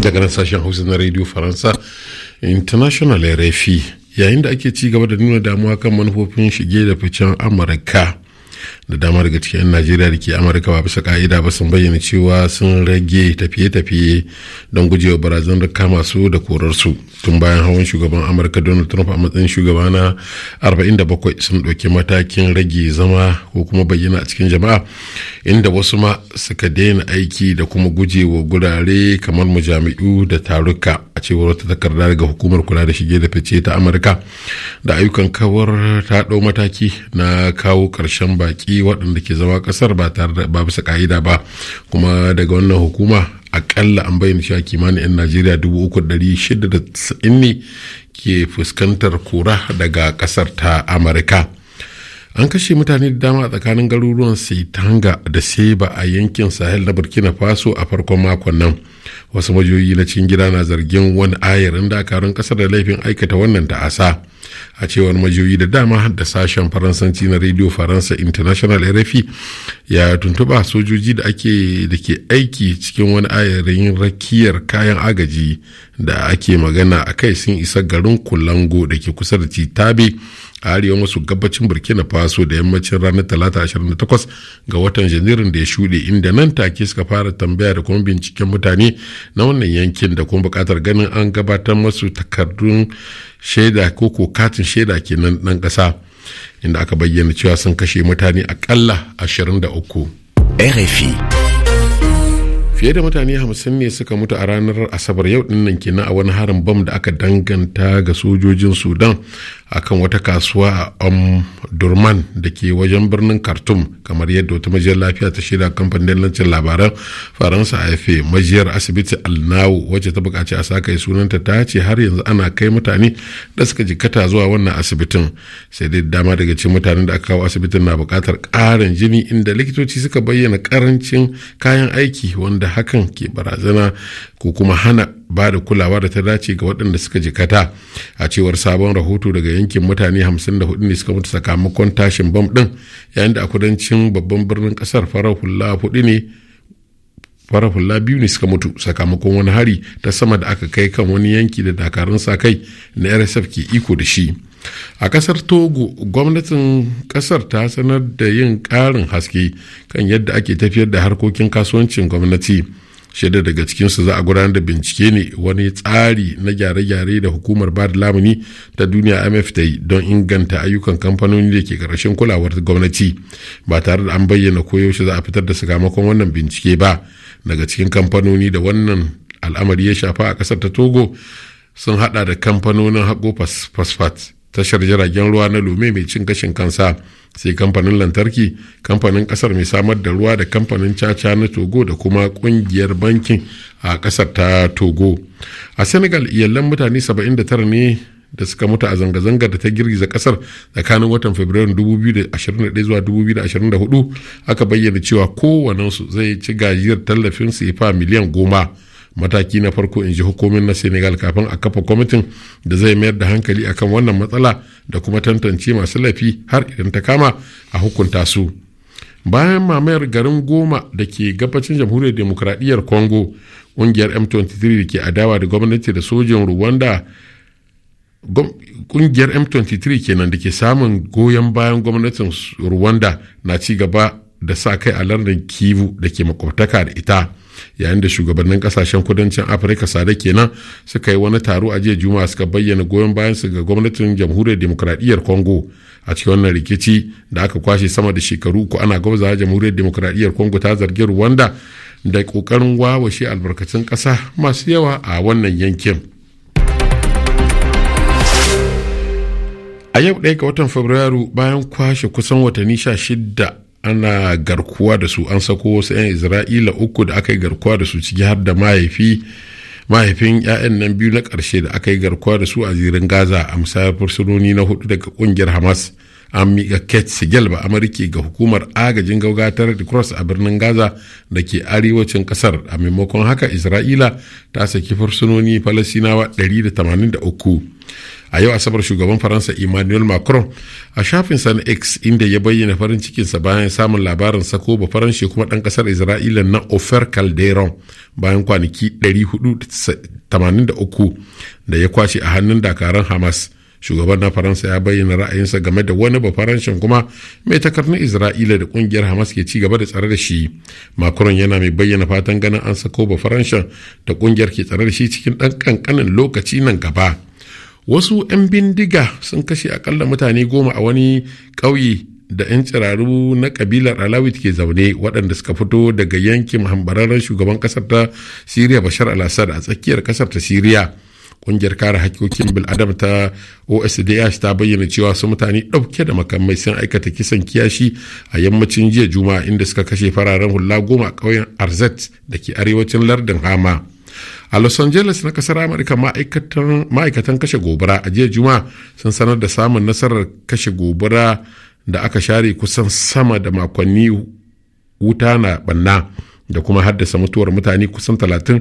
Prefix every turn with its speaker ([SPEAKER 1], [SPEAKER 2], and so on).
[SPEAKER 1] daga nan sashen hausa na radio faransa international rfi yayin da ake ci gaba da nuna damuwa kan manufofin shige da ficen amurka da dama daga cikin 'yan najeriya da ke amurka ba bisa ka'ida ba sun bayyana cewa sun rage tafiye-tafiye don gujewa barazanar kama su da korar su tun bayan hawan shugaban amurka donald trump a matsayin shugaba na bakwai sun ɗauki matakin rage zama ko kuma bayyana a cikin jama'a inda wasu ma suka daina aiki da kuma gujewa gurare kamar mujami'u da taruka a cewar wata takarda daga hukumar kula da shige da fice ta amurka da ayyukan kawar ta ɗau mataki na kawo karshen baƙi waɗanda ke zama ƙasar ba tare da ba bisa ƙa'ida ba kuma daga wannan hukuma akalla an bayyana cewa kimanin 'yan najeriya 3,690 ne ke fuskantar kura daga kasar ta amurka an kashe mutane da dama a tsakanin garuruwan saitanga da seba a yankin sahel na burkina faso a farkon makon nan wasu majiyoyi na cikin gida na zargin wani ayarin dakarun kasar da laifin aikata wannan ta'asa a cewar majiyoyi da dama da sashen faransanci na radio faransa international rfi ya tuntuba sojoji da ake da ke aiki cikin wani ayarin rakiyar kayan agaji da ake magana a kai sun isa garin kulango da ke kusa da citabe a arewa maso gabacin burkina faso da yammacin ranar talata 28 ga watan janairun da ya shuɗe inda nan take suka fara tambaya da kuma binciken mutane na wannan yankin da kuma buƙatar ganin an gabatar masu takardun shaida ko ko katin shaida kenan ɗan ƙasa inda aka bayyana cewa sun kashe mutane aƙalla 23 RFI fiye da mutane hamsin ne suka mutu a ranar asabar yau dinnan kenan a wani harin bam da aka danganta ga sojojin sudan akan wata kasuwa a omdurman da ke wajen birnin khartoum kamar yadda wata majiyar lafiya ta shirya kamfanin lancin labaran faransa yafe majiyar asibiti alnawu wacce ta bukaci a saka sunanta ta ce har yanzu ana kai mutane da suka jikata zuwa wannan asibitin sai dai dama daga cikin mutanen da aka kawo asibitin na bukatar ƙarin jini inda likitoci suka bayyana karancin kayan aiki wanda hakan ke barazana ko kuma hana ba da kulawa da ta dace ga waɗanda suka jikata a cewar sabon rahoto daga yankin mutane 54 ne suka mutu sakamakon tashin bam ɗin yayin da a kudancin babban birnin kasar farar hula biyu ne suka mutu sakamakon wani hari ta sama da aka kai kan wani yanki da dakarun sa kai na rsf ke iko da shi a kasar togo gwamnatin kasar ta sanar da yin ƙarin haske kan yadda ake tafiyar da harkokin kasuwancin gwamnati shaida daga cikinsu za a gudanar da bincike ne wani tsari na gyare-gyare da hukumar bada lamuni ta duniya mf ta yi don inganta ayyukan kamfanoni da ke karshen kulawar gwamnati ba tare da an bayyana ko yaushe za a fitar da sakamakon wannan bincike ba daga cikin kamfanoni da wannan al'amari ya shafa a kasar ta togo sun hada da kamfanonin haƙo fasfat tashar jiragen ruwa na lume mai cin gashin kansa sai kamfanin lantarki kamfanin kasar mai samar da ruwa da kamfanin caca na togo da kuma kungiyar bankin a kasar ta togo a senegal iyalan mutane 79 ne da suka mutu a zanga-zangar da ta girgiza kasar tsakanin watan fabrairun 2021 zuwa 2024 aka bayyana cewa kowanensu zai ci gajiyar tallafin sefa miliyan goma mataki na farko in ji hukumin na senegal kafin a kafa kwamitin da zai mayar da hankali akan wannan matsala da kuma tantance masu laifi har idan ta kama a hukunta su bayan mamayar garin goma da ke gabacin jamhuriyar demokradiyyar congo ƙungiyar m23 da ke adawa da gwamnati da sojin rwanda kungiyar m23 kenan da ke samun goyon bayan gwamnatin ruwanda na ci gaba da sa kai a lardin kivu da ke makwabtaka da ita yayin da shugabannin kasashen kudancin afirka sada kenan suka yi wani taro a jiya juma'a suka bayyana goyon bayan su ga gwamnatin jamhuriyar demokradiyyar congo a cikin wannan rikici da aka kwashe sama da shekaru uku ana gwamza jamhuriyar demokradiyyar congo ta zargi rwanda da kokarin wawashe albarkacin kasa masu yawa a wannan yankin a yau ɗaya ga watan fabrairu bayan kwashe kusan watanni sha shida ana garkuwa da su an sako wasu 'yan isra'ila uku da aka yi garkuwa da su ciki har da mahaifi mahaifin 'ya'yan nan biyu na karshe da aka yi garkuwa da su a zirin gaza a misayar fursunoni na hudu daga ƙungiyar hamas an miƙa kate sigel ba amurki ga hukumar agajin gaugatar red cross a birnin gaza da ke arewacin ƙasar a maimakon haka isra'ila ta saki fursunoni falasinawa 183 a yau asabar shugaban faransa emmanuel macron a shafin na x inda ya bayyana farin cikinsa bayan samun labarin sako ba faranshe kuma dan kasar isra'ila na ofer calderon bayan kwanaki 483 da ya kwashe a hannun dakaran hamas shugaban na faransa ya bayyana ra'ayinsa game da wani ba faranshen kuma mai takarnin isra'ila da kungiyar hamas ke ci gaba da tsare da shi macron yana mai bayyana fatan ganin an sako ba faranshen da kungiyar ke tsare da shi cikin ɗan kankanin lokaci nan gaba wasu 'yan bindiga sun kashe akalla mutane goma a wani ƙauye da 'yan tsiraru na kabilar alawit ke zaune waɗanda suka fito daga yankin hambararren shugaban ƙasar ta siriya bashar al-assad a tsakiyar ƙasar ta siriya ƙungiyar kare hakkokin bil'adam ta osdh ta bayyana cewa su mutane ɗauke da makamai sun aikata kisan kiyashi a yammacin jiya juma'a inda suka kashe fararen hula goma a ƙauyen arzet da ke arewacin lardin hama a los angeles na kasar amurka ma'aikatan kashe gobara a jiya juma sun sanar da samun nasarar kashe gobara da aka share kusan sama da makonni wuta na banna da kuma haddasa mutuwar mutane kusan talatin